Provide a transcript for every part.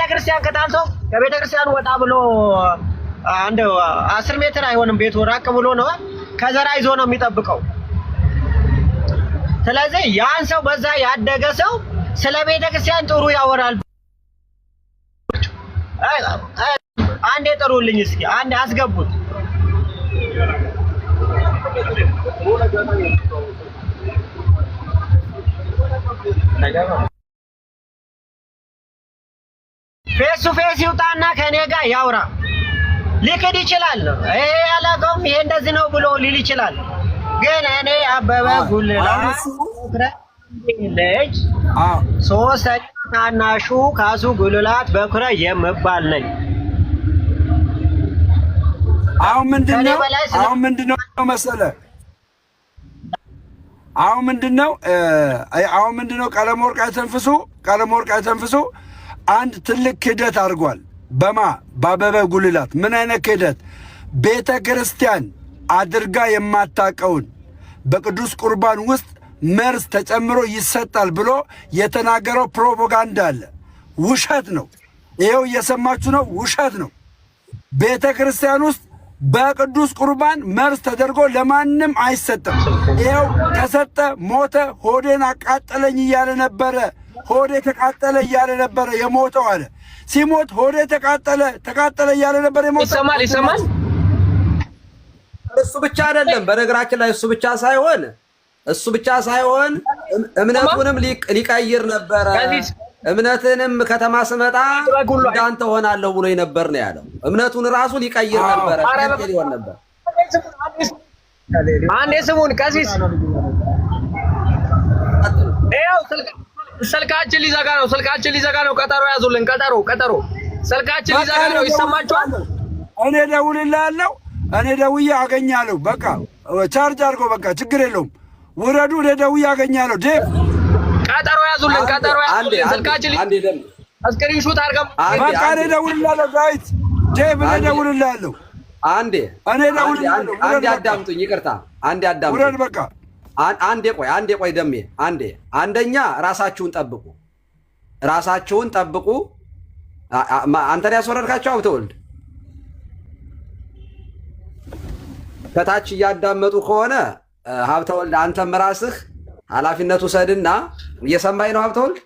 ቤተክርስቲያን ከጣልቶ ከቤተክርስቲያኑ ወጣ ብሎ አንድ አስር ሜትር አይሆንም ቤቱ ራቅ ብሎ ነው። ከዘራ ይዞ ነው የሚጠብቀው። ስለዚህ ያን ሰው በዛ ያደገ ሰው ስለ ቤተክርስቲያን ጥሩ ያወራል። አንዴ ጥሩልኝ እስኪ አንድ አስገቡት። ፌስ ቱ ፌስ ይውጣና ከኔ ጋር ያውራ። ሊክድ ይችላል። ይሄ ያላቀውም ይሄ እንደዚህ ነው ብሎ ሊል ይችላል። ግን እኔ አበበ ጉልላት ሶስተኛ ታናሹ ካሱ ጉልላት በኩረ የምባል ነኝ። አሁን ምንድን ነው አሁን ምንድን ነው መሰለህ አሁን ምንድን ነው አሁን ምንድን ነው ቀለም ወርቅ አይተንፍሱ ቀለም ወርቅ አይተንፍሱ አንድ ትልቅ ክህደት አድርጓል። በማ በአበበ ጉልላት ምን አይነት ክህደት? ቤተ ክርስቲያን አድርጋ የማታቀውን በቅዱስ ቁርባን ውስጥ መርዝ ተጨምሮ ይሰጣል ብሎ የተናገረው ፕሮፓጋንዳ አለ። ውሸት ነው። ይኸው እየሰማችሁ ነው። ውሸት ነው። ቤተ ክርስቲያን ውስጥ በቅዱስ ቁርባን መርዝ ተደርጎ ለማንም አይሰጥም። ይኸው ተሰጠ፣ ሞተ፣ ሆዴን አቃጠለኝ እያለ ነበረ ሆዴ ተቃጠለ እያለ ነበረ የሞተው አለ። ሲሞት ሆዴ ተቃጠለ ተቃጠለ እያለ ነበረ የሞተው። ይሰማል ይሰማል። እሱ ብቻ አይደለም፣ በነገራችን ላይ እሱ ብቻ ሳይሆን እሱ ብቻ ሳይሆን እምነቱንም ሊቀይር ነበረ። እምነትንም ከተማ ስመጣ እንዳንተ ሆናለሁ ብሎ ነበር ነው ያለው። እምነቱን ራሱ ሊቀይር ነበረ ሊሆን ነበር። አንዴ ስሙን ቀሲስ ስልካችን ሊዘጋ ነው። ስልካችን ሊዘጋ ነው። ቀጠሮ ያዙልን። ቀጠሮ ቀጠሮ። ስልካችን ሊዘጋ ነው። ይሰማችኋል? እኔ ደውልልሃለሁ። እኔ ደውዬ አገኛለሁ። በቃ ቻርጅ አድርጎ በቃ ችግር የለውም። ውረዱ። እኔ ደውዬ አገኛለሁ። ዴቭ ቀጠሮ ያዙልን። ቀጠሮ ያዙልን። ስልካችን እስክሪንሹት አድርገን በቃ እኔ ደውልልሃለሁ። ዳዊት ዴቭ፣ እኔ ደውልልሃለሁ። አንዴ እኔ ደውልልሃለሁ። አንዴ አዳምጡኝ። ይቅርታ አንዴ አዳምጡኝ። ውረድ በቃ አንዴ ቆይ አንዴ ቆይ ደሜ አንዴ። አንደኛ ራሳችሁን ጠብቁ፣ ራሳችሁን ጠብቁ። አንተን ያስወረድካቸው ሀብተወልድ ከታች እያዳመጡ ከሆነ ሀብተወልድ አንተም ራስህ ኃላፊነቱ ሰድና እየሰማኝ ነው ሀብተወልድ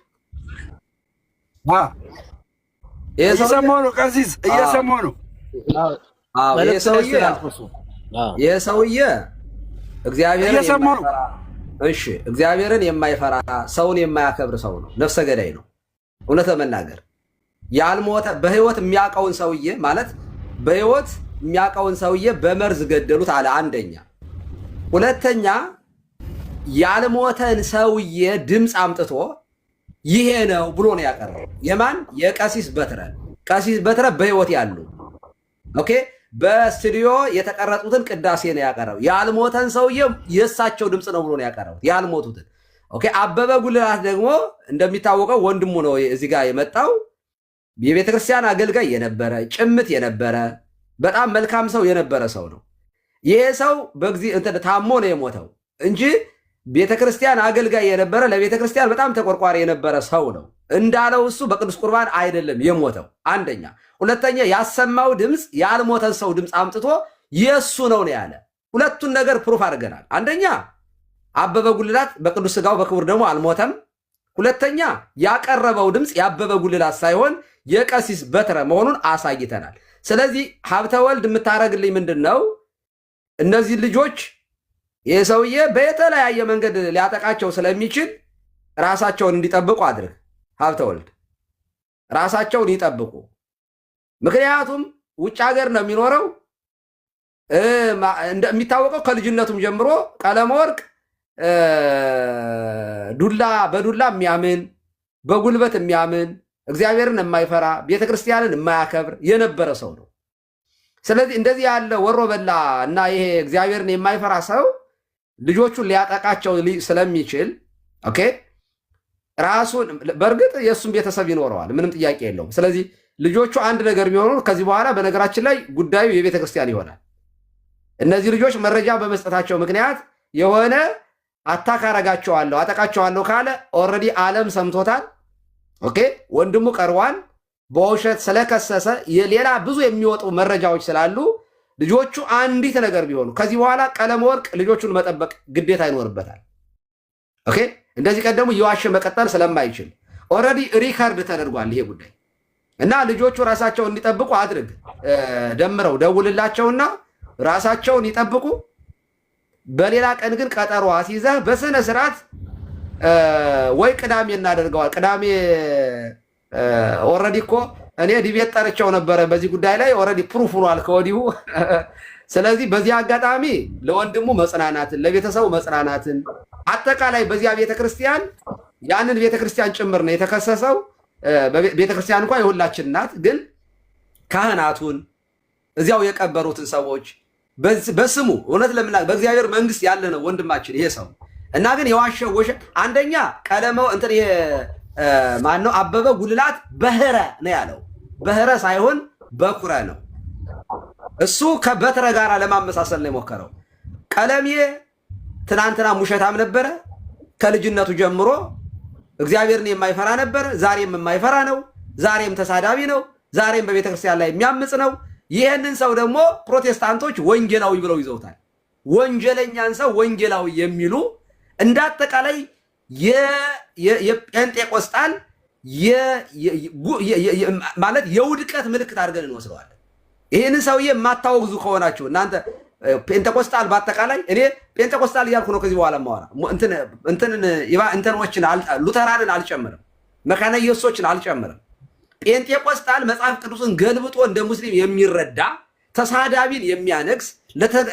እየሰማሁ ነው ቀሲስ እየሰማሁ ነው ይህ ሰውዬ እግዚአብሔርን የማይፈራ ሰውን የማያከብር ሰው ነው፣ ነፍሰ ገዳይ ነው። እውነት ለመናገር ያልሞተ በህይወት የሚያውቀውን ሰውዬ ማለት በህይወት የሚያውቀውን ሰውዬ በመርዝ ገደሉት አለ። አንደኛ። ሁለተኛ ያልሞተን ሰውዬ ድምፅ አምጥቶ ይሄ ነው ብሎ ነው ያቀረው። የማን የቀሲስ በትረ ቀሲስ በትረ በህይወት ያሉ ኦኬ በስቱዲዮ የተቀረጹትን ቅዳሴ ነው ያቀረቡ ያልሞተን ሰውዬ የእሳቸው ድምፅ ነው ብሎ ነው ያቀረቡት ያልሞቱትን። ኦኬ አበበ ጉልላት ደግሞ እንደሚታወቀው ወንድሙ ነው እዚህ ጋር የመጣው የቤተክርስቲያን አገልጋይ የነበረ ጭምት የነበረ በጣም መልካም ሰው የነበረ ሰው ነው። ይሄ ሰው በጊዜ ታሞ ነው የሞተው እንጂ ቤተክርስቲያን አገልጋይ የነበረ ለቤተክርስቲያን በጣም ተቆርቋሪ የነበረ ሰው ነው። እንዳለው እሱ በቅዱስ ቁርባን አይደለም የሞተው። አንደኛ። ሁለተኛ ያሰማው ድምፅ ያልሞተን ሰው ድምፅ አምጥቶ የእሱ ነው ነው ያለ። ሁለቱን ነገር ፕሩፍ አድርገናል። አንደኛ አበበ ጉልላት በቅዱስ ስጋው በክቡር ደግሞ አልሞተም። ሁለተኛ ያቀረበው ድምፅ የአበበ ጉልላት ሳይሆን የቀሲስ በትረ መሆኑን አሳይተናል። ስለዚህ ሀብተ ወልድ የምታደርግልኝ ምንድን ነው? እነዚህ ልጆች ይህ ሰውዬ በተለያየ መንገድ ሊያጠቃቸው ስለሚችል ራሳቸውን እንዲጠብቁ አድርግ። ሀብተወልድ ራሳቸውን ይጠብቁ። ምክንያቱም ውጭ ሀገር ነው የሚኖረው። እንደሚታወቀው ከልጅነቱም ጀምሮ ቀለመወርቅ ዱላ በዱላ የሚያምን በጉልበት የሚያምን እግዚአብሔርን የማይፈራ ቤተ ክርስቲያንን የማያከብር የነበረ ሰው ነው። ስለዚህ እንደዚህ ያለ ወሮ በላ እና ይሄ እግዚአብሔርን የማይፈራ ሰው ልጆቹን ሊያጠቃቸው ስለሚችል ኦኬ ራሱን በእርግጥ የእሱን ቤተሰብ ይኖረዋል፣ ምንም ጥያቄ የለውም። ስለዚህ ልጆቹ አንድ ነገር ቢሆኑ ከዚህ በኋላ በነገራችን ላይ ጉዳዩ የቤተ ክርስቲያን ይሆናል። እነዚህ ልጆች መረጃ በመስጠታቸው ምክንያት የሆነ አታክ አረጋቸዋለሁ፣ አጠቃቸዋለሁ ካለ ኦልሬዲ ዓለም ሰምቶታል። ኦኬ ወንድሙ ቀርቧል። በውሸት ስለከሰሰ የሌላ ብዙ የሚወጡ መረጃዎች ስላሉ ልጆቹ አንዲት ነገር ቢሆኑ ከዚህ በኋላ ቀለም ወርቅ ልጆቹን መጠበቅ ግዴታ ይኖርበታል። ኦኬ እንደዚህ ቀደሙ እየዋሸ መቀጠል ስለማይችል ኦልሬዲ ሪከርድ ተደርጓል ይሄ ጉዳይ እና ልጆቹ ራሳቸውን እንዲጠብቁ አድርግ። ደምረው ደውልላቸውና ራሳቸውን ይጠብቁ። በሌላ ቀን ግን ቀጠሮ አስይዘህ በስነ ስርዓት ወይ ቅዳሜ እናደርገዋል። ቅዳሜ ኦልሬዲ እኮ እኔ ዲቤት ጠርቸው ነበረ በዚህ ጉዳይ ላይ ኦልሬዲ ፕሩፍ ሆኗል ከወዲሁ። ስለዚህ በዚህ አጋጣሚ ለወንድሙ መጽናናትን፣ ለቤተሰቡ መጽናናትን አጠቃላይ በዚያ ቤተክርስቲያን ያንን ቤተክርስቲያን ጭምር ነው የተከሰሰው። ቤተክርስቲያን እንኳ የሁላችን ናት፣ ግን ካህናቱን እዚያው የቀበሩትን ሰዎች በስሙ እውነት ለምና በእግዚአብሔር መንግስት ያለ ነው ወንድማችን ይሄ ሰው እና ግን የዋሸ ወሸ አንደኛ ቀለመው እንትን ማነው አበበ ጉልላት በህረ ነው ያለው በህረ ሳይሆን በኩረ ነው። እሱ ከበትረ ጋር ለማመሳሰል ነው የሞከረው። ቀለሜ ትናንትና ሙሸታም ነበረ። ከልጅነቱ ጀምሮ እግዚአብሔርን የማይፈራ ነበረ። ዛሬም የማይፈራ ነው። ዛሬም ተሳዳቢ ነው። ዛሬም በቤተ ክርስቲያን ላይ የሚያምፅ ነው። ይህንን ሰው ደግሞ ፕሮቴስታንቶች ወንጌላዊ ብለው ይዘውታል። ወንጀለኛን ሰው ወንጌላዊ የሚሉ እንደ አጠቃላይ የጴንጤቆስጣን ማለት የውድቀት ምልክት አድርገን እንወስደዋለን። ይህን ሰውዬ የማታወግዙ ከሆናችሁ እናንተ ጴንጤቆስጣል በአጠቃላይ እኔ ፔንተኮስታል እያልኩ ነው። ከዚህ በኋላ ማወራ እንትኖችን ሉተራንን አልጨምርም፣ መካነ ኢየሱሶችን አልጨምርም። ጴንጤቆስጣል መጽሐፍ ቅዱስን ገልብጦ እንደ ሙስሊም የሚረዳ ተሳዳቢን የሚያነግስ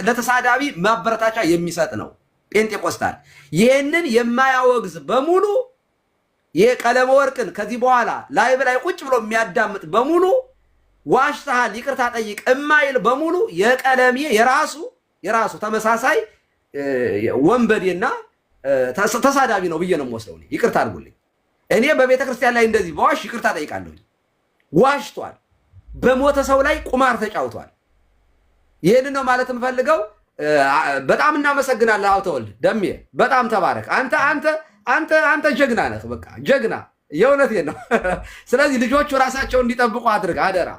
ለተሳዳቢ ማበረታቻ የሚሰጥ ነው ጴንጤቆስጣል። ይህንን የማያወግዝ በሙሉ ይሄ ቀለመ ወርቅን ከዚህ በኋላ ላይ በላይ ቁጭ ብሎ የሚያዳምጥ በሙሉ ዋሽተሃል፣ ይቅርታ ጠይቅ እማይል በሙሉ የቀለሜ የራሱ የራሱ ተመሳሳይ ወንበዴና ተሳዳቢ ነው ብዬ ነው የምወስደው። ይቅርታ አድርጉልኝ። እኔ በቤተ ክርስቲያን ላይ እንደዚህ በዋሽ ይቅርታ ጠይቃለሁ። ዋሽቷል። በሞተ ሰው ላይ ቁማር ተጫውቷል። ይህን ነው ማለት የምፈልገው። በጣም እናመሰግናለን። አውተወልድ ደሜ በጣም ተባረክ አንተ አንተ አንተ አንተ ጀግና ነህ፣ በቃ ጀግና የእውነት ነው። ስለዚህ ልጆቹ ራሳቸው እንዲጠብቁ አድርግ አደራ።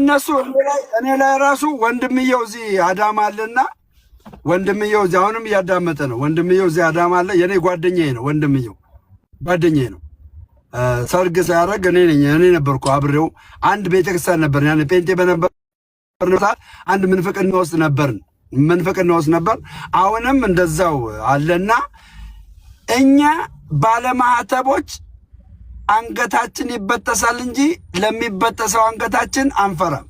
እነሱ እኔ ላይ ራሱ ወንድምየው እዚህ አዳማ አለና ወንድምየው እዚህ አሁንም እያዳመጠ ነው። ወንድምየው እዚህ አዳማ አለ። የእኔ ጓደኛዬ ነው። ወንድምየው ጓደኛዬ ነው። ሰርግ ሲያደርግ እኔ ነኝ እኔ ነበርኩ አብሬው። አንድ ቤተክርስቲያን ነበር ፔንቴ በነበር አንድ ምንፍቅና ውስጥ ነበርን ምንፍቅና ውስጥ ነበር። አሁንም እንደዛው አለና እኛ ባለማዕተቦች አንገታችን ይበጠሳል እንጂ ለሚበጠሰው አንገታችን አንፈራም።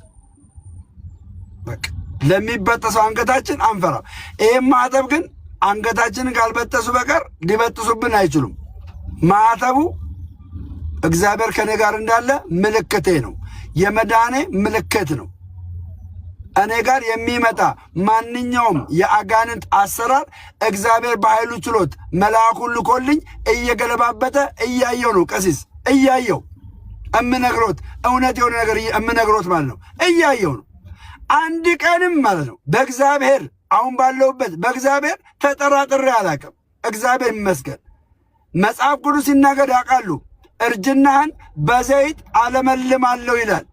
በቃ ለሚበጠሰው አንገታችን አንፈራም። ይህም ማዕተብ ግን አንገታችንን ካልበጠሱ በቀር ሊበጥሱብን አይችሉም። ማዕተቡ እግዚአብሔር ከኔ ጋር እንዳለ ምልክቴ ነው፣ የመዳኔ ምልክት ነው። እኔ ጋር የሚመጣ ማንኛውም የአጋንንት አሰራር እግዚአብሔር በኃይሉ ችሎት መልአኩን ልኮልኝ እየገለባበጠ እያየው ነው። ቀሲስ እያየው እምነግሮት እውነት የሆነ ነገር እምነግሮት ማለት ነው። እያየው ነው። አንድ ቀንም ማለት ነው በእግዚአብሔር አሁን ባለውበት በእግዚአብሔር ተጠራጥሬ አላቅም። እግዚአብሔር ይመስገን። መጽሐፍ ቅዱስ ሲናገር ያውቃሉ። እርጅናህን በዘይት አለመልማለሁ ይላል።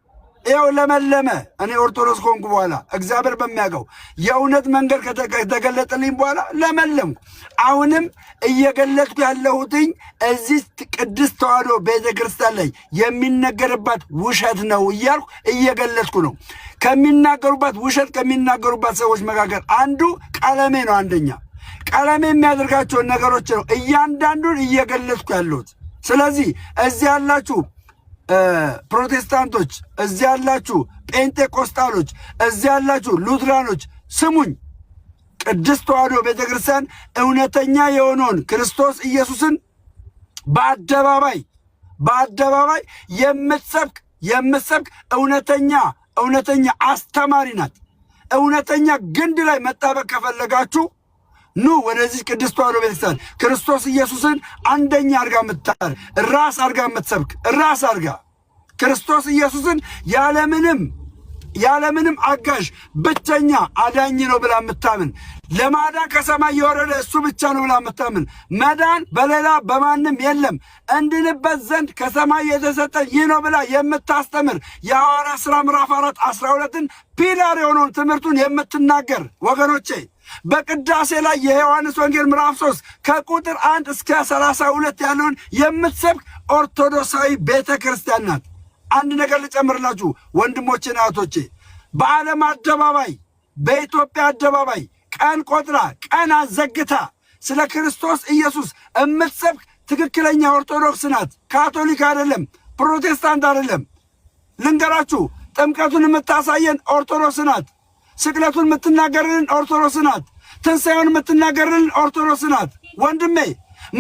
ያው ለመለመ። እኔ ኦርቶዶክስ ከሆንኩ በኋላ እግዚአብሔር በሚያውቀው የእውነት መንገድ ከተገለጠልኝ በኋላ ለመለምኩ። አሁንም እየገለጥኩ ያለሁትኝ እዚህ ቅድስት ተዋሕዶ ቤተ ክርስቲያን ላይ የሚነገርባት ውሸት ነው እያልኩ እየገለጥኩ ነው። ከሚናገሩባት ውሸት ከሚናገሩባት ሰዎች መካከል አንዱ ቀለሜ ነው። አንደኛ ቀለሜ የሚያደርጋቸውን ነገሮች ነው እያንዳንዱን እየገለጥኩ ያለሁት። ስለዚህ እዚህ ያላችሁ ፕሮቴስታንቶች እዚ ያላችሁ፣ ጴንጤቆስጣሎች እዚ ያላችሁ፣ ሉትራኖች ስሙኝ። ቅድስት ተዋሕዶ ቤተ ክርስቲያን እውነተኛ የሆነውን ክርስቶስ ኢየሱስን በአደባባይ በአደባባይ የምትሰብክ የምትሰብክ እውነተኛ እውነተኛ አስተማሪ ናት። እውነተኛ ግንድ ላይ መጣበቅ ከፈለጋችሁ ኑ ወደዚህ ቅድስት ተዋሕዶ ቤተክርስቲያን ክርስቶስ ኢየሱስን አንደኛ አርጋ የምታር ራስ አርጋ የምትሰብክ ራስ አርጋ ክርስቶስ ኢየሱስን ያለምንም ያለምንም አጋዥ ብቸኛ አዳኝ ነው ብላ የምታምን ለማዳን ከሰማይ የወረደ እሱ ብቻ ነው ብላ የምታምን መዳን በሌላ በማንም የለም እንድንበት ዘንድ ከሰማይ የተሰጠ ይህ ነው ብላ የምታስተምር የሐዋርያ ሥራ ምዕራፍ አራት አስራ ሁለትን ፒላር የሆነውን ትምህርቱን የምትናገር ወገኖቼ በቅዳሴ ላይ የዮሐንስ ወንጌል ምዕራፍ ሶስት ከቁጥር አንድ እስከ 32 ያለውን የምትሰብክ ኦርቶዶክሳዊ ቤተ ክርስቲያን ናት። አንድ ነገር ልጨምርላችሁ ወንድሞቼ፣ እህቶቼ በዓለም አደባባይ በኢትዮጵያ አደባባይ ቀን ቆጥራ ቀን አዘግታ ስለ ክርስቶስ ኢየሱስ እምትሰብክ ትክክለኛ ኦርቶዶክስ ናት። ካቶሊክ አይደለም፣ ፕሮቴስታንት አይደለም። ልንገራችሁ፣ ጥምቀቱን የምታሳየን ኦርቶዶክስ ናት። ስቅለቱን የምትናገርልን ኦርቶዶክስ ናት። ትንሣኤውን የምትናገርልን ኦርቶዶክስ ናት። ወንድሜ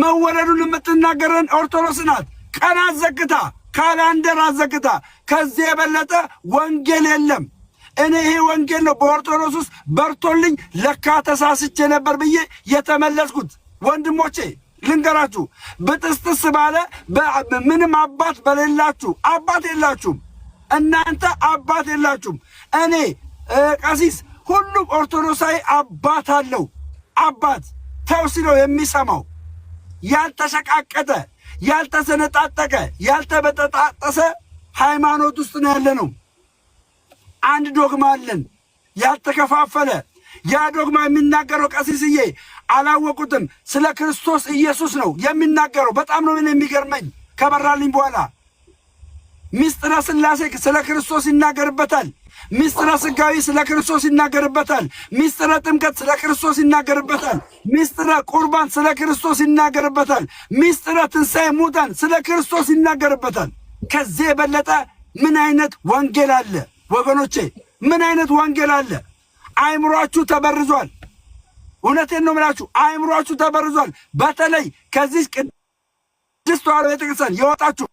መወለዱን የምትናገርን ኦርቶዶክስ ናት። ቀን አዘግታ ካላንደር አዘግታ። ከዚህ የበለጠ ወንጌል የለም። እኔ ይሄ ወንጌል ነው በኦርቶዶክስ ውስጥ በርቶልኝ ለካ ተሳስቼ ነበር ብዬ የተመለስኩት ወንድሞቼ ልንገራችሁ ብጥስጥስ ባለ ምንም አባት በሌላችሁ አባት የላችሁም። እናንተ አባት የላችሁም። እኔ ቀሲስ፣ ሁሉም ኦርቶዶክሳዊ አባት አለው። አባት ሲለው የሚሰማው ያልተሸቃቀጠ፣ ያልተሰነጣጠቀ፣ ያልተበጠጣጠሰ ሃይማኖት ውስጥ ነው ያለ ነው። አንድ ዶግማ አለን ያልተከፋፈለ። ያ ዶግማ የሚናገረው ቀሲስዬ አላወቁትም፣ ስለ ክርስቶስ ኢየሱስ ነው የሚናገረው። በጣም ነው የሚገርመኝ ከበራልኝ በኋላ ምስጢረ ስላሴ ስለ ክርስቶስ ይናገርበታል። ምስጢረ ስጋዊ ስለ ክርስቶስ ይናገርበታል። ምስጢረ ጥምቀት ስለ ክርስቶስ ይናገርበታል። ምስጢረ ቁርባን ስለ ክርስቶስ ይናገርበታል። ምስጢረ ትንሣኤ ሙታን ስለ ክርስቶስ ይናገርበታል። ከዚህ የበለጠ ምን አይነት ወንጌል አለ? ወገኖቼ ምን አይነት ወንጌል አለ? አይምሯችሁ ተበርዟል። እውነቴን ነው የምላችሁ፣ አይምሯችሁ ተበርዟል። በተለይ ከዚህ ቅድስት ተዋሕዶ ቤተክርስቲያን የወጣችሁ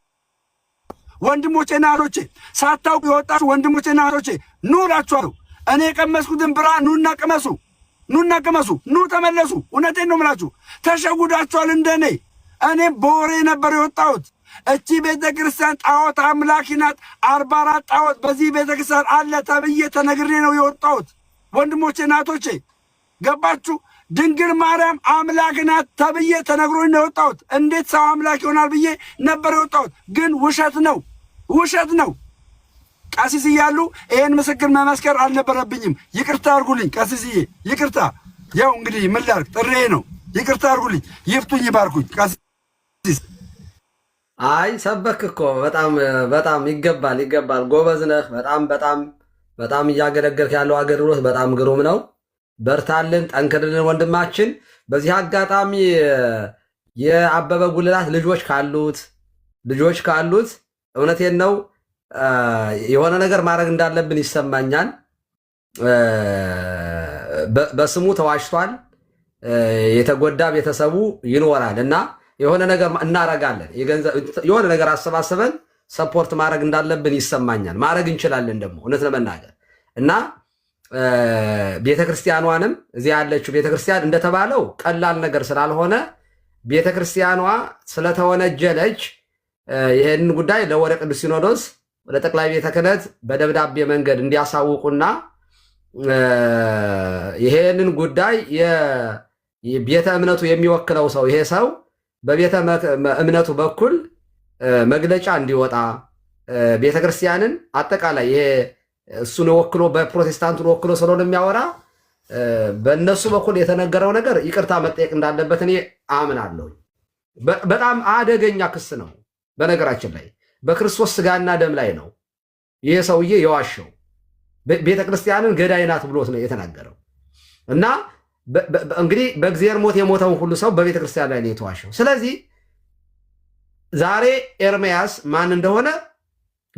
ወንድሞቼና እህቶቼ፣ ሳታውቁ የወጣችሁ ወንድሞቼና እህቶቼ ኑ እላችኋለሁ። እኔ የቀመስኩትን ብርሃን ኑና ቅመሱ፣ ኑና ቅመሱ፣ ኑ ተመለሱ። እውነቴን ነው የምላችሁ፣ ተሸጉዳችኋል። እንደኔ እኔም በወሬ ነበር የወጣሁት። እቺ ቤተ ክርስቲያን ጣዖት አምላኪ ናት። አርባ አራት ጣዖት በዚህ ቤተ ክርስቲያን አለ ተብዬ ተነግሬ ነው የወጣሁት። ወንድሞቼ እናቶቼ፣ ገባችሁ? ድንግል ማርያም አምላክ ናት ተብዬ ተነግሮኝ ነው የወጣሁት። እንዴት ሰው አምላክ ይሆናል ብዬ ነበር የወጣሁት፣ ግን ውሸት ነው፣ ውሸት ነው። ቀሲስ እያሉ ይሄን ምስክር መመስከር አልነበረብኝም። ይቅርታ አድርጉልኝ ቀሲስዬ፣ ይቅርታ። ያው እንግዲህ ምን ላድርግ፣ ጥሬ ነው። ይቅርታ አርጉልኝ፣ ይፍቱኝ፣ ይባርኩኝ ቀሲስ አይ ሰበክ እኮ በጣም በጣም ይገባል ይገባል። ጎበዝ ነህ። በጣም በጣም በጣም እያገለገልክ ያለው አገልግሎት በጣም ግሩም ነው። በርታልን፣ ጠንክርልን ወንድማችን። በዚህ አጋጣሚ የአበበ ጉልላት ልጆች ካሉት ልጆች ካሉት እውነቴን ነው የሆነ ነገር ማድረግ እንዳለብን ይሰማኛል። በስሙ ተዋሽቷል። የተጎዳ ቤተሰቡ ይኖራል እና የሆነ ነገር እናረጋለን። የሆነ ነገር አሰባስበን ሰፖርት ማድረግ እንዳለብን ይሰማኛል። ማድረግ እንችላለን ደግሞ እውነት ለመናገር እና ቤተክርስቲያኗንም እዚህ ያለችው ቤተክርስቲያን እንደተባለው ቀላል ነገር ስላልሆነ ቤተክርስቲያኗ ስለተወነጀለች ይህንን ጉዳይ ለወደ ቅዱስ ሲኖዶስ ለጠቅላይ ቤተ ክህነት በደብዳቤ መንገድ እንዲያሳውቁና ይሄንን ጉዳይ ቤተ እምነቱ የሚወክለው ሰው ይሄ ሰው በቤተ እምነቱ በኩል መግለጫ እንዲወጣ ቤተ ክርስቲያንን አጠቃላይ ይሄ እሱን ወክሎ በፕሮቴስታንቱን ወክሎ ስለሆነ የሚያወራ በእነሱ በኩል የተነገረው ነገር ይቅርታ መጠየቅ እንዳለበት እኔ አምናለሁ። በጣም አደገኛ ክስ ነው። በነገራችን ላይ በክርስቶስ ስጋና ደም ላይ ነው ይሄ ሰውዬ የዋሸው። ቤተ ክርስቲያንን ገዳይ ናት ብሎት ነው የተናገረው እና እንግዲህ በእግዚአብሔር ሞት የሞተውን ሁሉ ሰው በቤተ ክርስቲያን ላይ ነው የተዋሸው። ስለዚህ ዛሬ ኤርምያስ ማን እንደሆነ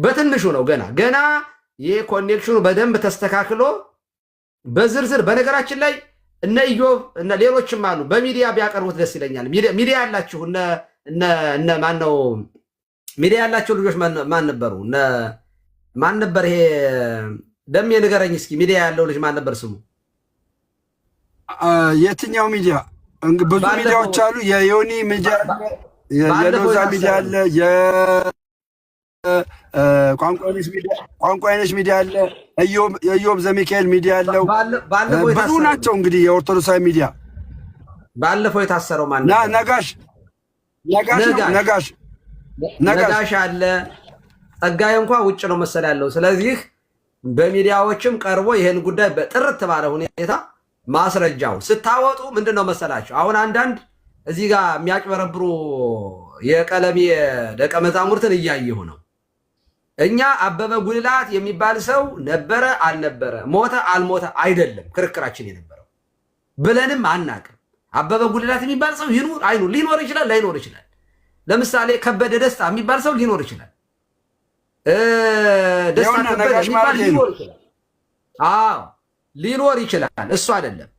በትንሹ ነው ገና ገና ይህ ኮኔክሽኑ በደንብ ተስተካክሎ በዝርዝር በነገራችን ላይ እነ ኢዮብ እነ ሌሎችም አሉ በሚዲያ ቢያቀርቡት ደስ ይለኛል። ሚዲያ ያላችሁ እነ ማን ነው ሚዲያ ያላቸው ልጆች ማን ነበሩ? ማን ነበር ይሄ ደም ንገረኝ እስኪ ሚዲያ ያለው ልጅ ማን ነበር ስሙ? የትኛው ሚዲያ? ብዙ ሚዲያዎች አሉ። የዮኒ ሚዲያ፣ የሎዛ ሚዲያ አለ፣ ቋንቋ አይነሽ ሚዲያ አለ፣ የኢዮብ ዘሚካኤል ሚዲያ አለው። ብዙ ናቸው እንግዲህ የኦርቶዶክሳዊ ሚዲያ። ባለፈው የታሰረው ማን ነጋሽ ነጋሽ ነጋሽ አለ። ጸጋዬ እንኳ ውጭ ነው መሰል ያለው። ስለዚህ በሚዲያዎችም ቀርቦ ይህን ጉዳይ በጥርት ባለ ሁኔታ ማስረጃው ስታወጡ ምንድን ነው መሰላቸው? አሁን አንዳንድ እዚህ ጋር የሚያጭበረብሩ የቀለሜ ደቀ መዛሙርትን እያየሁ ነው። እኛ አበበ ጉልላት የሚባል ሰው ነበረ አልነበረ፣ ሞተ አልሞተ አይደለም ክርክራችን የነበረው ብለንም አናቅም። አበበ ጉልላት የሚባል ሰው ይኑር አይኑ ሊኖር ይችላል ላይኖር ይችላል። ለምሳሌ ከበደ ደስታ የሚባል ሰው ሊኖር ይችላል። ደስታ ከበደ የሚባል ሊኖር ይችላል። አዎ ሊኖር ይችላል። እሱ አይደለም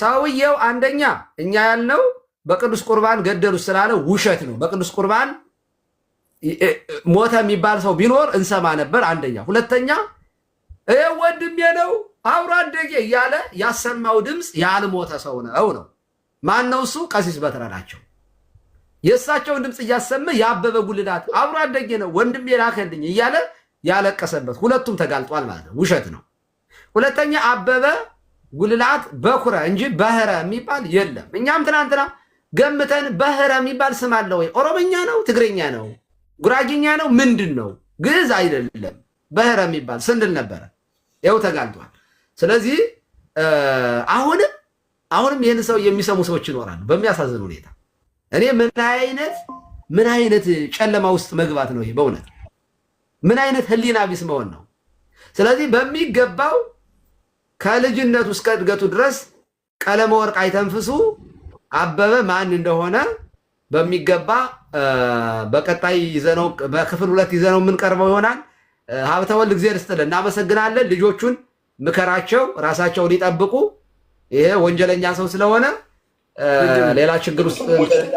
ሰውየው። አንደኛ እኛ ያልነው በቅዱስ ቁርባን ገደሉት ስላለ ውሸት ነው። በቅዱስ ቁርባን ሞተ የሚባል ሰው ቢኖር እንሰማ ነበር። አንደኛ። ሁለተኛ ወንድሜ ነው አውራ አደጌ እያለ ያሰማው ድምፅ ያልሞተ ሰው ነው ነው። ማን ነው እሱ? ቀሲስ በትረ ናቸው። የእሳቸውን ድምፅ እያሰመ ያበበ ጉልላት አብሮ አደጌ ነው ወንድሜ ላከልኝ እያለ ያለቀሰበት ሁለቱም ተጋልጧል ማለት ነው። ውሸት ነው። ሁለተኛ አበበ ጉልላት በኩረ እንጂ በህረ የሚባል የለም። እኛም ትናንትና ገምተን በህረ የሚባል ስም አለ ወይ? ኦሮምኛ ነው? ትግርኛ ነው? ጉራጌኛ ነው? ምንድን ነው? ግዕዝ አይደለም። በህረ የሚባል ስንል ነበረ። ይኸው ተጋልጧል። ስለዚህ አሁንም አሁንም ይህን ሰው የሚሰሙ ሰዎች ይኖራሉ። በሚያሳዝን ሁኔታ እኔ ምን አይነት ምን አይነት ጨለማ ውስጥ መግባት ነው ይሄ? በእውነት ምን አይነት ህሊና ቢስ መሆን ነው? ስለዚህ በሚገባው ከልጅነቱ እስከ እድገቱ ድረስ ቀለመ ወርቅ አይተንፍሱ አበበ ማን እንደሆነ በሚገባ በቀጣይ ይዘነው በክፍል ሁለት ይዘነው የምንቀርበው ይሆናል። ወልድ ጊዜ ስጥል እናመሰግናለን። ልጆቹን ምከራቸው፣ ራሳቸውን ይጠብቁ። ይሄ ወንጀለኛ ሰው ስለሆነ ሌላ ችግር ውስጥ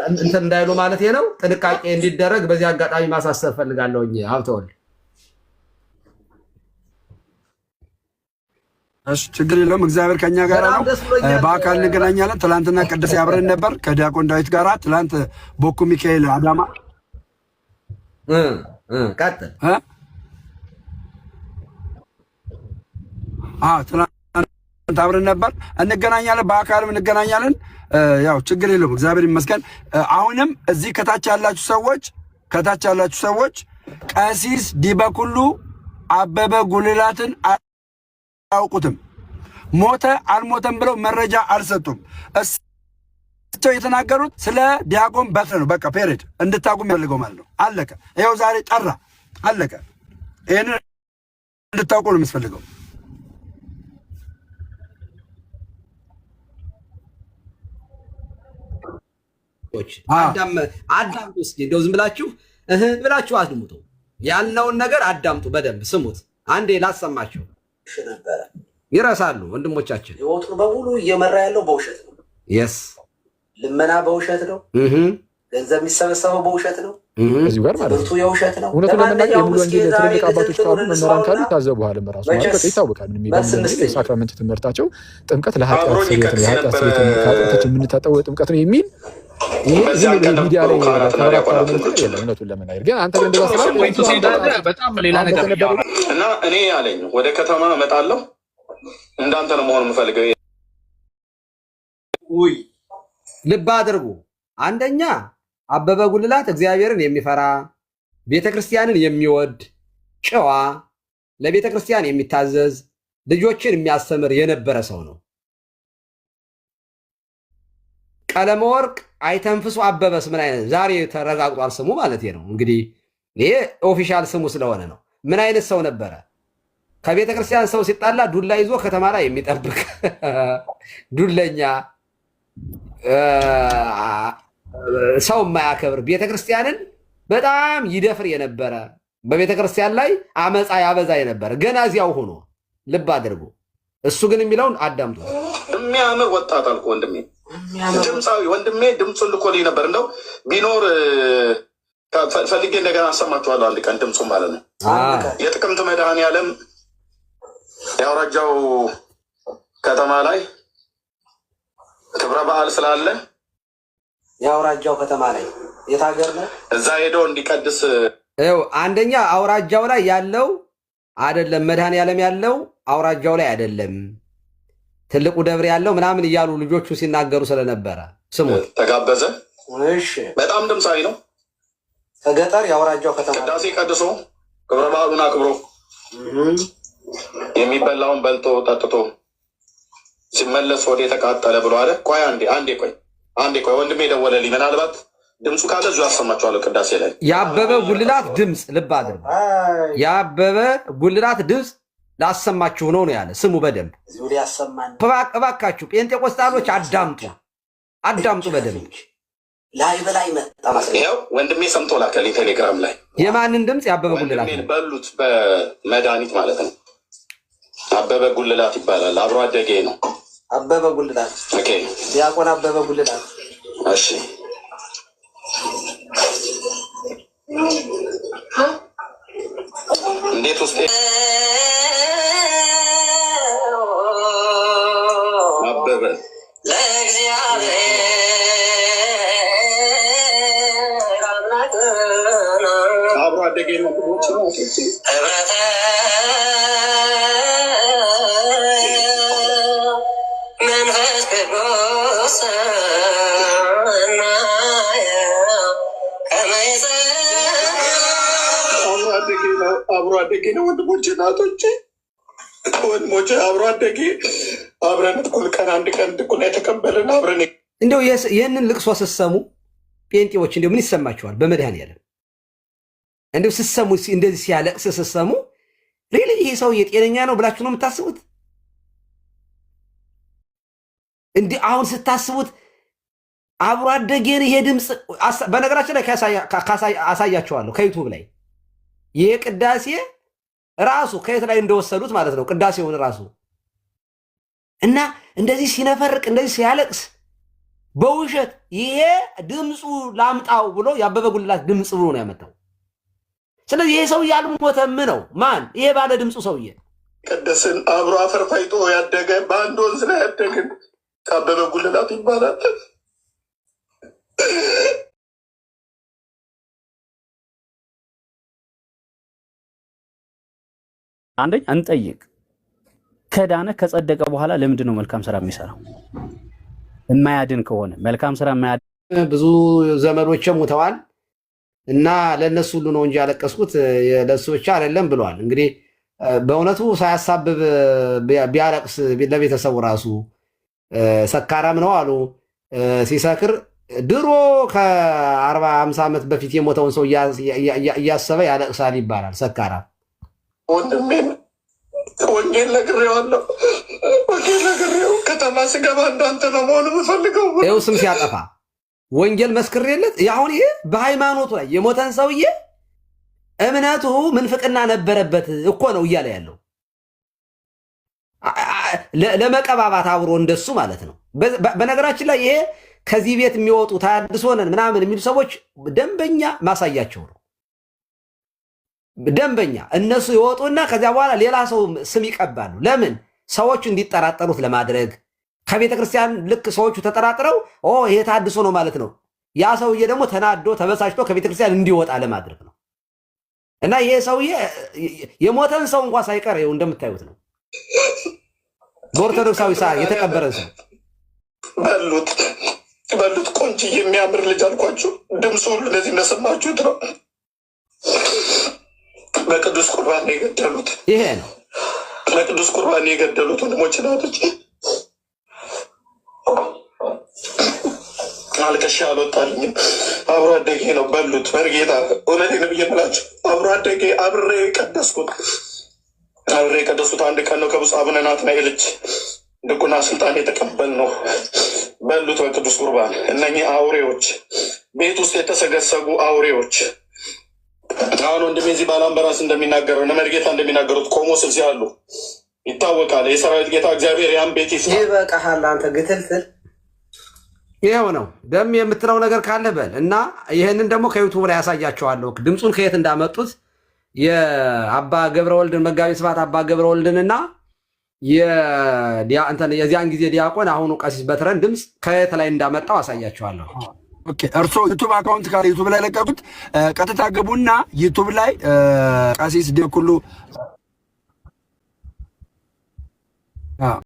እንትን እንዳይሉ ማለት ነው ጥንቃቄ እንዲደረግ በዚህ አጋጣሚ ማሳሰብ ፈልጋለሁኝ ወልድ እሺ ችግር የለውም። እግዚአብሔር ከኛ ጋር ነው። በአካል እንገናኛለን። ትላንትና ቅዱስ አብረን ነበር ከዲያቆን ዳዊት ጋር ትላንት ቦኩ ሚካኤል አዳማ ትላንት አብረን ነበር። እንገናኛለን፣ በአካልም እንገናኛለን። ያው ችግር የለውም። እግዚአብሔር ይመስገን። አሁንም እዚህ ከታች ያላችሁ ሰዎች ከታች ያላችሁ ሰዎች ቀሲስ ዲበኩሉ አበበ ጉልላትን አያውቁትም። ሞተ አልሞተም ብለው መረጃ አልሰጡም። እሳቸው የተናገሩት ስለ ዲያቆን በትረ ነው። በቃ ፔሬድ እንድታቁም ያፈልገው ማለት ነው። አለቀ። ይኸው ዛሬ ጠራ፣ አለቀ። ይህንን እንድታውቁ ነው የሚያስፈልገው። አዳምጡ እስኪ፣ እንደው ዝም ብላችሁ እህ ብላችሁ አድምጡ። ያለውን ነገር አዳምጡ፣ በደንብ ስሙት። አንዴ ላሰማችሁ ነበረ። ይረሳሉ ወንድሞቻችን። ህይወቱን በሙሉ እየመራ ያለው በውሸት ነው። የስ ልመና በውሸት ነው። ገንዘብ የሚሰበሰበው በውሸት ነው። እዚሁ የውሸት ነው። ለመናገር የሙሉ ወንጌል ትልልቅ አባቶች ካሉ መምህራን ካሉ ማለት ይታወቃል። የሳክራመንት ትምህርታቸው ጥምቀት ለኃጢአት ስርየት ነው፣ የኃጢአት ስርየት የምንታጠበው ጥምቀት ነው የሚል እና እኔ ያለኝ ወደ ከተማ እመጣለሁ እንዳንተ ነው መሆን የምፈልገው። ውይ ልብ አድርጉ። አንደኛ አበበ ጉልላት እግዚአብሔርን የሚፈራ ቤተክርስቲያንን የሚወድ ጨዋ፣ ለቤተክርስቲያን የሚታዘዝ ልጆችን የሚያስተምር የነበረ ሰው ነው። ቀለመወርቅ አይተንፍሱ አበበስ ምን አይነት ዛሬ ተረጋግጧል ስሙ ማለት ነው። እንግዲህ ይሄ ኦፊሻል ስሙ ስለሆነ ነው። ምን አይነት ሰው ነበረ? ከቤተ ክርስቲያን ሰው ሲጣላ ዱላ ይዞ ከተማ ላይ የሚጠብቅ ዱለኛ፣ ሰው የማያከብር ቤተ ክርስቲያንን በጣም ይደፍር የነበረ በቤተ ክርስቲያን ላይ አመፃ ያበዛ የነበረ ገና እዚያው ሆኖ ልብ አድርጎ እሱ ግን የሚለውን አዳምጦ የሚያምር ወጣት አልኩ ወንድሜ ድምፃዊ ወንድሜ ድምፁን ልኮልኝ ነበር። እንደው ቢኖር ፈልጌ እንደገና አሰማችኋለሁ አንድ ቀን ድምፁ ማለት ነው። የጥቅምት መድኃኔዓለም የአውራጃው ከተማ ላይ ክብረ በዓል ስላለ የአውራጃው ከተማ ላይ የት ሀገር ነው? እዛ ሄዶ እንዲቀድስ ው አንደኛ አውራጃው ላይ ያለው አይደለም መድኃኔዓለም ያለው አውራጃው ላይ አይደለም። ትልቁ ደብር ያለው ምናምን እያሉ ልጆቹ ሲናገሩ ስለነበረ ስሙ ተጋበዘ። በጣም ድምፃዊ ነው። ከገጠር የአውራጃው ከተማ ቅዳሴ ቀድሶ ክብረ በዓሉን አክብሮ የሚበላውን በልቶ ጠጥቶ ሲመለስ ወደ የተቃጠለ ብሎ አለ። ቆይ አንዴ አንዴ ቆይ አንዴ ቆይ ወንድሜ የደወለልኝ ምናልባት ድምፁ ካለ እዚሁ ያሰማችኋለሁ። ቅዳሴ ላይ ያበበ ጉልላት ድምፅ ልብ አድርግ። ያበበ ጉልላት ድምፅ ላሰማችሁ ነው ነው ያለ። ስሙ በደንብ እባካችሁ፣ ጴንጤቆስጣሎች አዳምጡ፣ አዳምጡ በደንብ ላይ በላይ መጣ። ወንድሜ ሰምቶ ላከልኝ ቴሌግራም ላይ የማንን ድምፅ? የአበበ ጉልላት በሉት፣ በመድኃኒት ማለት ነው። አበበ ጉልላት ይባላል። አብሮ አደጌ ነው። አበበ ጉልላት ዲያቆን አበበ ጉልላት። እሺ እንዴት ውስጤ አበበ አብሮ አደገ ነው። አብሮ አደጌ ነው። ወንድሞቼ እናቶቼ፣ ወንድሞቼ አብሮ አደጌ አብረን እኩል ቀን አንድ ቀን ድቁና የተቀበልን አብረን እንደው ይህንን ልቅሶ ስሰሙ ጴንጤዎች እንደው ምን ይሰማችኋል? በመድኃኔዓለም እንደው ስሰሙ እንደዚህ ሲያለቅስ ስሰሙ ሪሊ ይሄ ሰውዬ ጤነኛ ነው ብላችሁ ነው የምታስቡት? እንዲህ አሁን ስታስቡት አብሮ አደጌን ይሄ ድምፅ በነገራችን ላይ አሳያችኋለሁ ከዩቱብ ላይ ይሄ ቅዳሴ ራሱ ከየት ላይ እንደወሰዱት ማለት ነው። ቅዳሴውን ራሱ እና እንደዚህ ሲነፈርቅ እንደዚህ ሲያለቅስ በውሸት ይሄ ድምፁ ላምጣው ብሎ ያበበ ጉልላት ድምፅ ብሎ ነው ያመጣው። ስለዚህ ይሄ ሰውዬ አልሞተም ነው። ማን ይሄ ባለ ድምፁ ሰውዬ ቅድስን አብሮ አፈር ፈይጦ ያደገ በአንድ ወንዝ ላይ ያደግን ከአበበ ጉልላት ይባላል። አንደኛ እንጠይቅ። ከዳነ ከጸደቀ በኋላ ለምንድን ነው መልካም ስራ የሚሰራው? የማያድን ከሆነ መልካም ስራ የማያድን ብዙ ዘመዶች ሙተዋል እና ለእነሱ ሁሉ ነው እንጂ ያለቀስኩት ለእሱ ብቻ አይደለም ብለዋል። እንግዲህ በእውነቱ ሳያሳብብ ቢያለቅስ ለቤተሰቡ ራሱ ሰካራም ነው አሉ። ሲሰክር ድሮ ከአርባ ሃምሳ ዓመት በፊት የሞተውን ሰው እያሰበ ያለቅሳል ይባላል ሰካራም ወንድሜን ወንጌል ነግሬዋለሁ። ወንጌል ነግሬው ከተማ ስገባ እንዳንተ የምፈልገው ይኸው ስም ሲያጠፋ ወንጌል መስክሬለት። አሁን ይሄ በሃይማኖቱ ላይ የሞተን ሰውዬ እምነቱ ምንፍቅና ነበረበት እኮ ነው እያለ ያለው ለመቀባባት አብሮ እንደሱ ማለት ነው። በነገራችን ላይ ይሄ ከዚህ ቤት የሚወጡ ታድሶ ነን ምናምን የሚሉ ሰዎች ደንበኛ ማሳያቸው ነው። ደንበኛ እነሱ ይወጡና ከዚያ በኋላ ሌላ ሰው ስም ይቀባሉ። ለምን? ሰዎቹ እንዲጠራጠሩት ለማድረግ ከቤተ ክርስቲያን ልክ ሰዎቹ ተጠራጥረው ይሄ ታድሶ ነው ማለት ነው። ያ ሰውዬ ደግሞ ተናዶ ተበሳጭቶ ከቤተ ክርስቲያን እንዲወጣ ለማድረግ ነው። እና ይሄ ሰውዬ የሞተን ሰው እንኳ ሳይቀር ይኸው እንደምታዩት ነው። በኦርቶዶክሳዊ ሰ የተቀበረን ሰው በሉት በሉት። ቆንጆ የሚያምር ልጅ አልኳችሁ። ድምፅ ሁሉ እንደሰማችሁት ነው። በቅዱስ ቁርባን ነው የገደሉት። ይሄ ነው በቅዱስ ቁርባን ነው የገደሉት። ወንድሞች ናቶች አልቀሻ አልወጣልኝም። አብሮ አደጌ ነው በሉት። በእርጌታ እውነት ነው ምላቸው አብሮ አደጌ አብሬ የቀደስኩት አብሬ የቀደስኩት አንድ ቀን ነው ከብፁዕ አቡነ ናትናኤል ልጅ ድቁና ስልጣን የተቀበል ነው በሉት። በቅዱስ ቁርባን እነኚህ አውሬዎች ቤት ውስጥ የተሰገሰጉ አውሬዎች አሁን ወንድሜ እዚህ ባላምበራስ እንደሚናገረው እነ መሪጌታ እንደሚናገሩት ቆሞ ስብሲ አሉ ይታወቃል። የሰራዊት ጌታ እግዚአብሔር ያን ቤት ይስ ይበቃሃል። አንተ ግትልትል ይኸው ነው ደም የምትለው ነገር ካለ በል እና ይህንን ደግሞ ከዩቱብ ላይ ያሳያቸዋለሁ። ድምፁን ከየት እንዳመጡት የአባ ገብረ ወልድን መጋቢ ስብሐት አባ ገብረወልድን እና የዚያን ጊዜ ዲያቆን አሁኑ ቀሲስ በትረን ድምፅ ከየት ላይ እንዳመጣው አሳያቸዋለሁ። ኦኬ እርስዎ ዩቱብ አካውንት ጋር ዩቱብ ላይ ለቀቁት። ቀጥታ ግቡና ዩቱብ ላይ ቀሲስ ደኩሉ